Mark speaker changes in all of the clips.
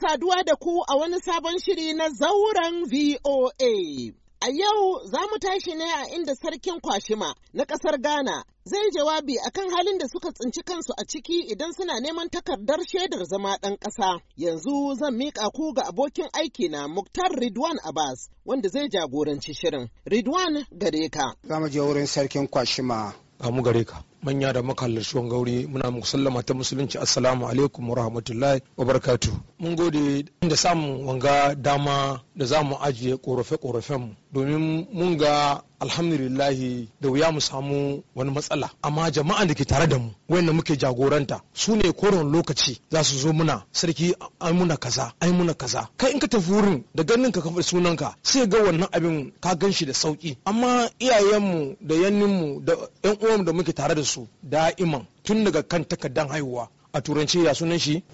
Speaker 1: saduwa da ku a wani sabon shiri na zauren VOA. A yau za mu tashi ne a inda sarkin kwashima na ƙasar Ghana zai jawabi akan halin da suka tsinci kansu a ciki idan suna neman takardar shaidar zama ɗan ƙasa. Yanzu zan miƙa ku ga abokin aiki na Muktar Ridwan Abbas wanda zai jagoranci shirin. Ridwan gare ka.
Speaker 2: Za mu je wurin sarkin kwashima. mu gare ka. manya da makahalarci wani gauri muna muku sallama ta musulunci assalamu alaikum wa rahmatullahi wa barakatu mun gode da samun wanga dama da za mu ajiye korafe-korafen mu domin mun ga alhamdulillahi da wuya mu samu wani matsala amma jama'an da ke tare da mu wayanda muke jagoranta su ne koron lokaci za su zo muna sarki ai muna kaza ai muna kaza kai in ka tafi wurin da ganin ka kafa sunanka sai ga wannan abin ka gan shi da sauki amma iyayenmu da yanninmu da yan uwanmu da muke tare da su da'iman tun daga kan takardan haihuwa a turanci ya sunan shi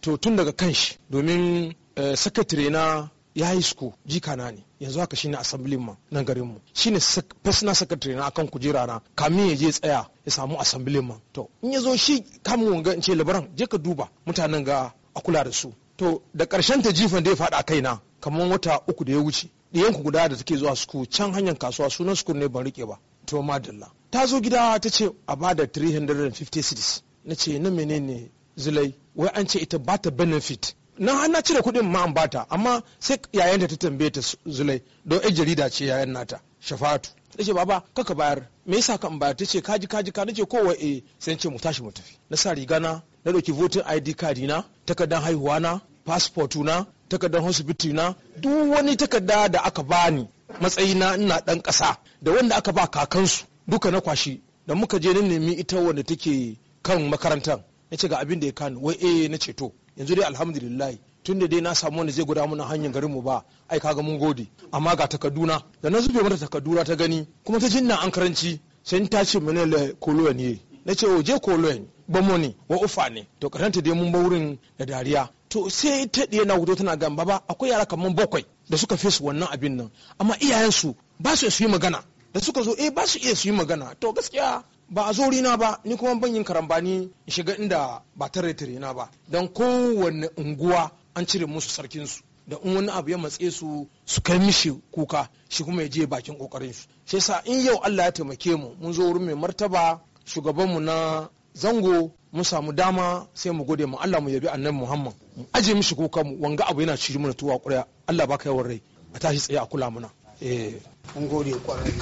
Speaker 2: to tun daga kan shi domin eh, sakatare na ya yi sku jika na ne yanzu haka shine assembly ma na garin mu shine personal secretary na akan kujera na kamin ya je tsaya ya samu assembly man to in ya zo shi kamun wanga in ce labaran je ka duba mutanen ga a kula da su to da karshen ta jifan da ya faɗa kaina kamar wata uku da ya wuce ɗiyanku guda da take zuwa suku can hanyar kasuwa sunan suku ne ban rike ba to madalla ta zo gida ta ce a ba da 350 cities na ce na menene zulai wai an ce ita ba ta benefit nan an na cire kuɗin ma an bata amma sai yayanta ta tambaye ta zulai don ai jarida ce yayan nata shafatu ta ce baba kaka bayar me yasa kan bayar ta ce kaji kaji ka nace kowa eh sai ce mu tashi mu tafi na sa riga na na ɗauki voting id card na takardar haihuwa na passport na takardar hospital na duk wani takarda da aka bani matsayi na ina ɗan kasa da wanda aka ba kakansu duka na kwashi da muka je na nemi ita wanda take kan makarantar ya ce ga abin da ya kani wai eh na ceto yanzu dai alhamdulillah tun da dai na samu wanda zai guda mana hanyar garinmu ba ai kaga mun gode amma ga takaduna. da na zube mata takadura ta gani kuma ta jinna an karanci sai ta ce mene le koloyan ne na ce oh, je koloyan bamo ne wa ufa ne to karanta dai mun ba wurin da dariya to sai ta ɗiya na wuto tana gamba ba akwai yara kaman bakwai da suka fi su wannan abin nan amma iyayensu ba su su yi magana da suka zo eh ba su iya su yi magana to gaskiya ba a zo rina ba ni kuma ban yin karambani shiga inda ba tare tare na ba don kowanne unguwa an cire musu sarkin su da in wani abu ya matse su su kai mishi kuka shi kuma ya je bakin kokarin su shi yasa in yau Allah ya taimake mu mun zo wurin mai martaba shugaban mu na zango mu samu dama sai mu gode mu Allah mu yabi annabi Muhammad mu aje mishi kuka mu wanga abu yana cire mana tuwa kurya Allah baka yawan rai a tashi tsaye a kula muna eh mun gode kwarai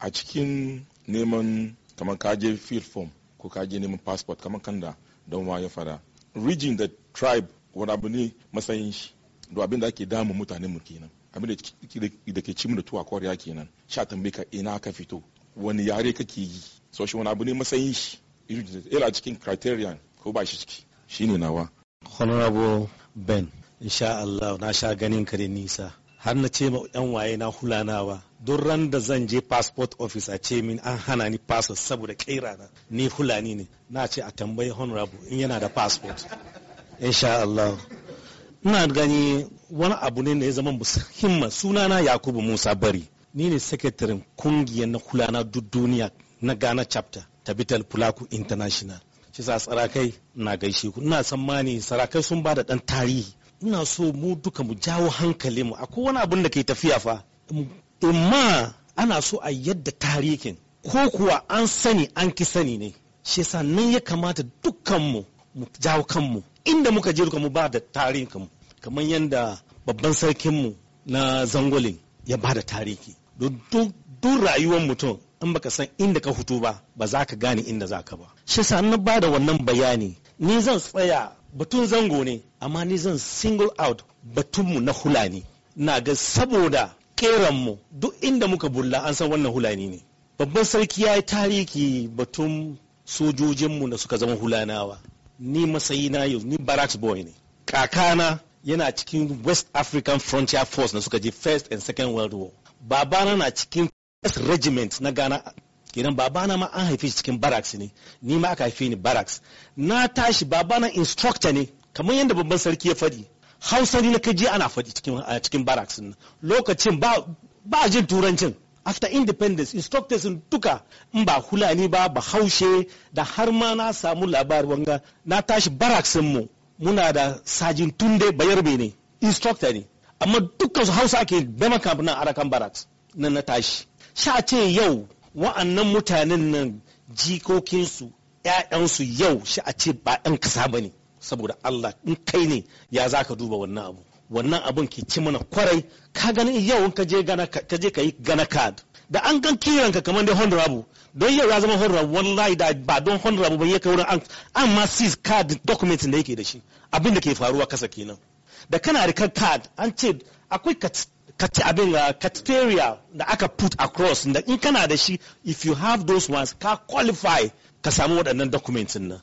Speaker 2: a cikin neman kamar ka je field form ko ka je neman passport kamar kan da don wa ya fara region da tribe wani abu ne matsayin shi da abin da ake damun mutanen mu kenan abin da ke cimu da tuwa kwariya kenan sha tambaye ka ina ka fito wani yare kake yi so shi wani abu ne matsayin shi yana cikin criterion ko ba shi ciki
Speaker 3: shine nawa honorable ben insha Allah na sha ganin kare nisa har na ce ma yan waye na hulanawa don ran da zan je passport office a ce min an hana ni passport saboda kaira na ni hulani ne na ce a tambayi honorable in yana da passport insha Allah ina gani wani abu ne da ya zama himma sunana Yakubu Musa Bari ni ne sakataren kungiyar na hulana duk duniya na Ghana chapter Tabital Pulaku International shi sa sarakai na gaishe ku ina tsammani sarakai sun ba da dan tarihi ina so mu duka mu jawo hankali mu akwai wani abin da ke tafiya fa amma ana so a yadda tarihin ko kuwa an sani an ki sani ne shi yasa nan ya kamata dukkan mu mu jawo kanmu inda muka je duka mu ba da tarihin mu kamar yadda babban sarkin mu na zangolin ya ba da tarihi duk rayuwar mutum in baka san inda ka hutu ba ba za ka gane inda za ka ba shi yasa na ba da wannan bayani ni zan tsaya batun zango ne amma ni zan single out batunmu na hulani na ga saboda keranmu duk inda muka bulla an san wannan hulani ne babban sarki ya yi tariki batun sojojinmu da suka zama hulanawa ni na yau ni barracks boy ne kakana yana cikin west african frontier force na suka je first and second world war babana na cikin first regiment na ghana kenan babana ma an haife shi cikin barracks ne ni ma aka haife ni barracks na tashi babana instructor ne kamar yadda babban sarki ya faɗi hausa ne na kaji ana faɗi cikin cikin barracks ne lokacin ba ba jin turancin after independence instructors duka in ba hulani ba ba haushe da har ma na samu labarin wanga na tashi barracks mu muna da sajin tunde bayarbe ne instructor ne amma dukkan su hausa ke bema kamfanin arakan barracks nan na tashi sha ce yau wa'annan mutanen nan jikokinsu ‘ya'yansu yau shi a ce ba ‘yan kasa ba ne saboda Allah in kai ne ya za ka duba wannan abu wannan abun ke ci mana kwarai ka gani yau ka je ka yi gana kad. da an gan kiran ka kamar dai abu. don yau ya zama honorable wallahi da ba don honorable ba ya kai wurin an ma seize card document da yake da shi abin da ke faruwa kasa kenan da kana da kad an ce akwai abin cafeteria da aka put across da in kana da shi if you have those ones ka qualify ka samu waɗannan dokumentin nan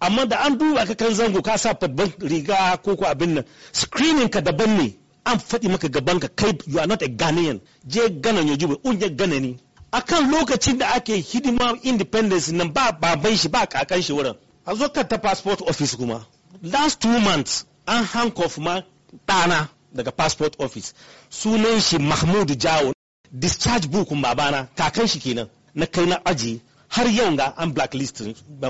Speaker 3: amma da an duba ka kan zango ka sa babban riga ko ko abin nan screening ka daban ne an faɗi maka gaban ka kai you are not a Ghanaian je gana ne jube un je ne akan lokacin da ake hidima independence nan ba baban shi ba kakan shi wurin a zo ka ta passport office kuma last two months an handcuff ma ɗana daga passport office sunan shi mahmud jawo discharge book babana kakan shi kenan na kai na aji har yau ga an blacklist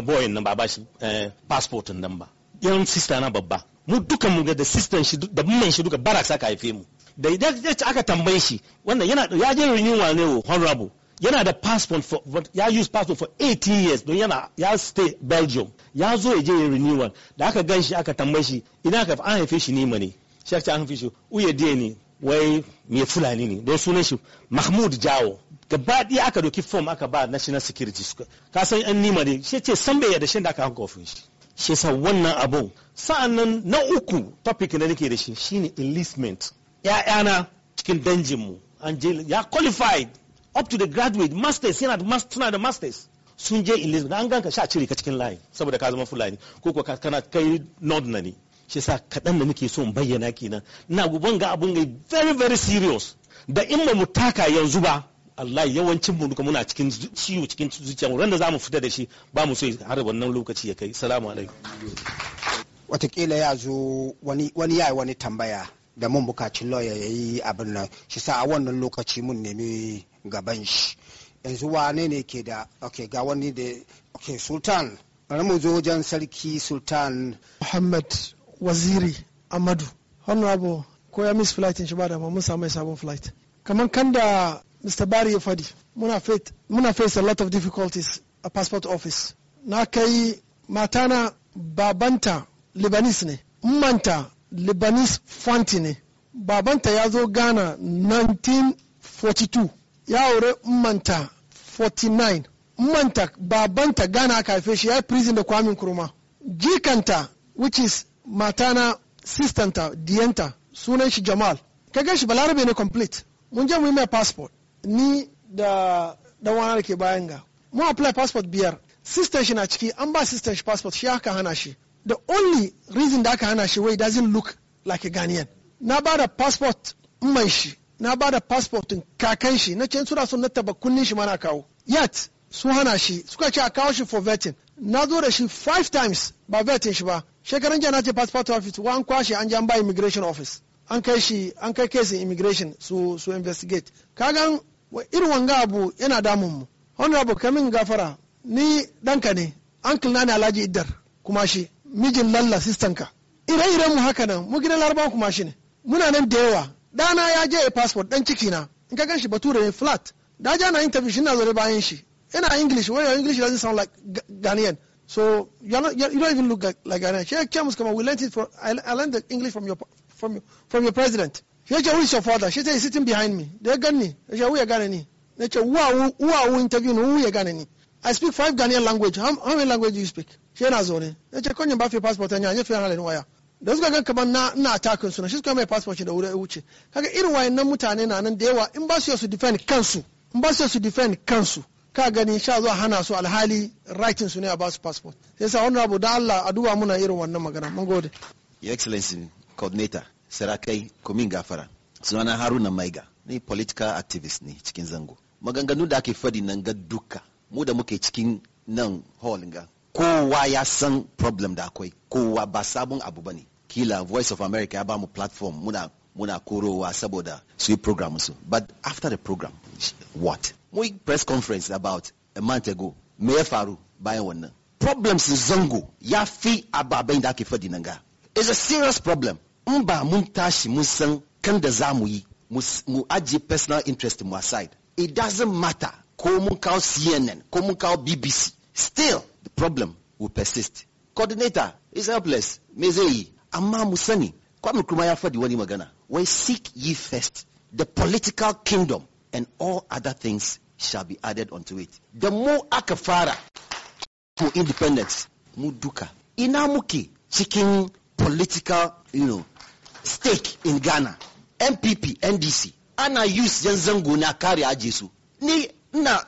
Speaker 3: boyin nan ba shi eh, passport nan ba yan sister na babba mu duka mu da sister shi da mun shi duka barak saka haife mu da idan aka tambaye shi wannan yana ya je renewal ne honorable yana da passport for ya use passport for 18 years don yana ya stay belgium ya zo ya je renewal da aka gan shi aka tambaye shi ina ka an haife shi ne ne shek ta an fi shi uye diye ne wai mai fulani ne don sunan shi mahmud jawo gaba ɗaya aka doki fom aka ba national security ka san yan nima ne shi ce san bai yarda shi da aka hanka ofin shi shi sa wannan abun sa'annan na uku topic da nake da shi shine enlistment ya'yana cikin danjin mu an je ya qualified up to the graduate masters yana da suna da masters sun je enlistment an ganka sha cire ka cikin layi saboda ka zama fulani ko kuwa kana kai nod na ne shi sa kaɗan da nake so in bayyana kenan ina guban ga abun gai very very serious da in ba mu taka yanzu ba Allah yawancin mu duka muna cikin ciwo cikin zuciya wanda za mu fita da shi ba mu so har wannan lokaci ya kai salamu alaikum
Speaker 4: ya zo wani wani ya wani tambaya da mun bukacin lawyer ya yi abin nan shi sa a wannan lokaci mun nemi gaban shi yanzu wane ne ke da ok ga wani da ok sultan bari mu zo wajen
Speaker 5: sarki sultan muhammad waziri amadu honorable ko ya miss flight shi ba da mun samu sabon flight kamar kan da mr bari ya fadi muna face muna face a lot of difficulties a passport office na kai matana babanta libanese ne manta libanese fanti ne babanta ya zo ghana 1942 ya aure manta 49 manta babanta ghana aka haife shi ya yi prison da kwamin kurma jikanta which is matana sistanta diyanta sunan shi jamal ka gan shi balarabe ne complete mun je mu yi mai passport ni da dan wani da ke bayan ga mu apply passport biyar sistan shi na ciki an ba sistan shi passport shi aka hana shi the only reason da aka hana shi wai doesn't look like a Ghanaian na ba da passport mai shi na ba da passport kakan shi na cin suna son na taba kunnin shi mana kawo yet su hana shi suka ce a kawo shi for vetting na zo da shi five times ba vetting shi ba shekaran jiya na ce passport office wa an kwashe an jan ba immigration office an kai shi an kai kesin immigration su su investigate kaga irin wanga abu yana damun mu honorable kamin gafara ni danka ne uncle na ni alhaji iddar kuma shi mijin lalla sistan ka ire-iren mu haka nan mu gidan larabawa kuma shi ne muna nan da yawa dana ya je a passport dan ciki na in ka ganshi bature ne flat da ja na interview shi na zo bayan shi ina english wani english doesn't sound like ghanaian So you're not, you're, you don't even look like, like Ghanaian. Here come on, we learned it from, I, I learned the English from your, from your, from your president. She said, who is your father? She said, he's sitting behind me. They're Ghani. I said, who are Ghani? They said, who are, who are we interviewing? Who you Ghani? I speak five Ghanaian language. How, how many language do you speak? She na zo ne. They said, konyin ba fi passport ɗanya, ya fi halin waya. Da suka gan kamar na, na atakin su na, shi suka passport shi da wuri wuce. Kaga irin wayannan mutane na nan da yawa in ba su defend council in to defend council. ka gani sha zuwa hana su alhali rakin su ne a basu passport sai sa wannan abu don Allah a duba muna irin wannan magana mun gode
Speaker 1: your excellency coordinator sarakai komin gafara sunana haruna maiga ni political activist ne cikin zango maganganu da ake fadi nan ga duka mu da muke cikin nan hall ga kowa ya san problem da akwai kowa ba sabon abu bane kila voice of america ya ba mu platform muna muna korowa saboda su yi program su but after the program what mun press conference about a month ago me ya faru bayan wannan problems zango ya fi ababen da ake faɗi nan ga is a serious problem in ba mun tashi mun san kan da za mu yi mu aji personal interest mu aside it doesn't matter ko mun kawo cnn ko mun kawo bbc still the problem will persist coordinator is helpless me zai yi amma mu sani kwamin kuma ya faɗi wani magana When seek ye first the political kingdom and all other things shall be added unto it. The more akafara to independence, muduka. Inamuki, seeking political, you know, stake in Ghana. MPP, NDC. Ana use zango na kare ajesu. Ni na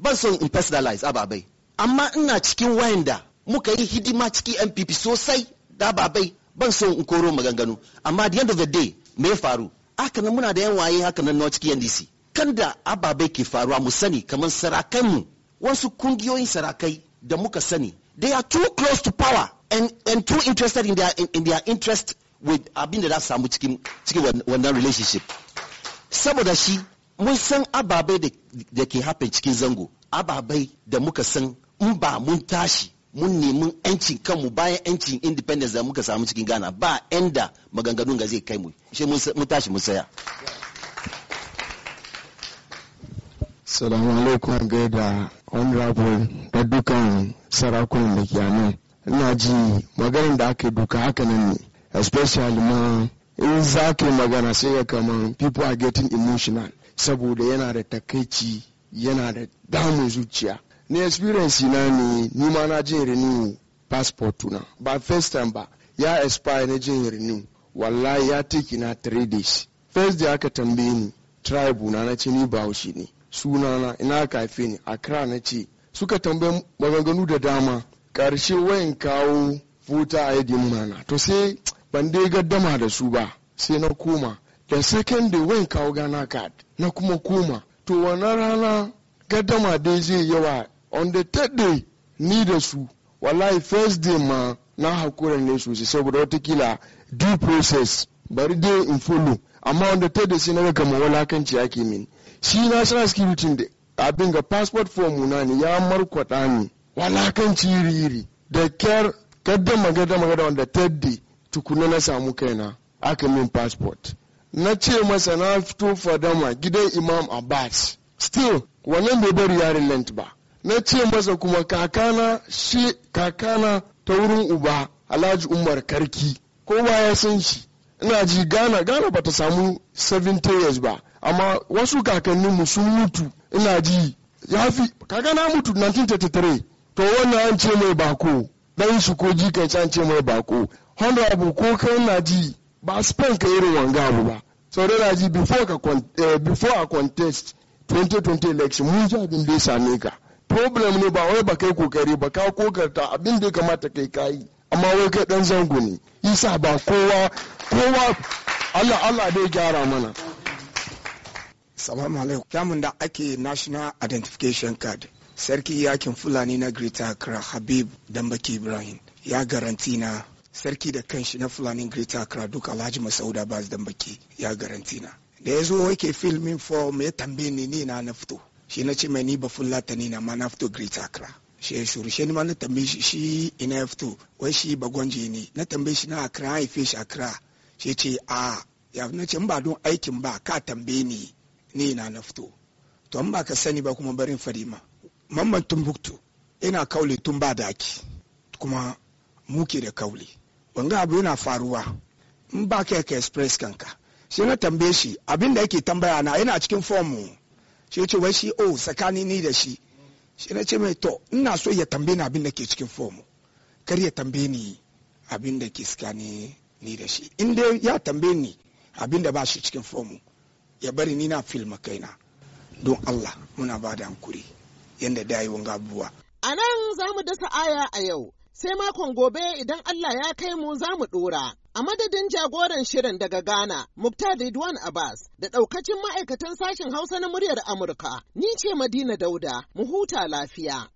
Speaker 1: ban impersonalize in ama na Amma wenda cikin wayanda muka yi hidima cikin MPP sosai da ababai. ban so in koro maganganu amma the end of the day me ya faru haka nan muna da yan waye haka nan na cikin NDC kan da ababai ke faruwa mu sani kamar sarakanmu wasu kungiyoyin sarakai da muka sani they are too close to power and, and too interested in their, in, in their interest with abin da za su samu cikin wannan relationship saboda shi mun san ababe da ke happen cikin zango ababai da muka san in ba mun tashi mun nemi yancin kanmu bayan yancin independence da muka samu cikin Ghana ba da maganganun ga zai kai mu shi mun tashi mun saya
Speaker 6: Salamu alaikum gaida honorable da dukan sarakunan da ke nan. Ina ji maganin da aka duka haka nan ne, especially ma in za ka magana sai ya kama people are getting emotional saboda yana da takaici yana da damun zuciya. ni experience na ni ni ma na jin renew passport na ba first time ba ya expire na jin renew wallahi ya take na 3 days first day aka tambaye ni tribe na na ce ni bahaushe ne suna na ina kafe ni accra na ce suka tambaye maganganu da dama karshe wayan kawo futa a yadda mana to sai ban dai gaddama da su ba sai na koma da second day wayan kawo gana card na kuma koma to wannan rana gaddama dai zai yawa on the third day ni da su wallahi first day ma na hakura ne sosai saboda wata kila due process bari dai in follow amma on the third day sai na kama walakanci ake min shi na national security da abin ga passport form na ne ya markwada ni walakanci iri iri da kyar kadda magada magada on the third day tukuna na samu kaina aka min passport na ce masa na fito fadama gidan imam abbas still wannan bai bari yarin lent ba na ce masa kuma kakana shi kakana ta wurin uba alhaji umar karki kowa ya san shi ina ji ghana ghana bata samu 70 years ba amma wasu kakanninmu sun mutu ina ji ya fi kakana mutu 1933 to wannan an ce mai bako dan shi ko kai an ce mai bako honorable ko kai na ji ba spain ka irin wanga abu ba sau da ji eh, before a contest 2020 election mun ji abin da ya same ka problem ne ba wai ba kai kokari ba ka kokarta abin da ya kamata kai kayi amma wai kai dan zango ne isa ba kowa kowa Allah Allah dai gyara mana
Speaker 4: salamu alaikum kyamun da ake national identification card sarki yakin fulani na greater accra habib dambaki ibrahim ya garanti na sarki da kanshi na fulani greater accra duk alhaji masauda bas dambaki ya garanti na da ya zo yake filmin form ya tambaye ni na na fito shi na ce mai ni ba fulatani na ma na fito great accra shi ya shuru shi ma na tambaye shi shi ina ya fito wai shi bagwanje ne na tambaye shi na accra haife shi accra shi ce a ya na ce ba don aikin ba ka tambaye ni ni na na fito to an ba ka sani ba kuma barin fari ma mamman tumbuktu ina kaule tun ba daki kuma muke da kaule wanga abu yana faruwa in ba ka express kanka shi na tambaye shi abin da yake tambaya na yana cikin fomu shi ce wai shi o oh, tsakani ni da shi shi na ce mai to ina so ya tambaye ni abin da ke cikin fomu, kar ya tambaye ni abin da ke tsakani ni da shi in dai ya tambaye ni abin da ba shi cikin fomu ya bari ni na film kaina don Allah muna ba da hankuri yanda da wanga buwa
Speaker 1: a nan za mu dasa aya a yau sai makon gobe idan Allah ya kai mu za mu dora A madadin jagoran shirin daga Ghana, Muktar Ridwan Abbas, da ɗaukacin ma'aikatan sashen Hausa na muryar Amurka, ni ce Madina Dauda, mu huta lafiya.